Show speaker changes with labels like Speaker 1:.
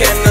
Speaker 1: kenn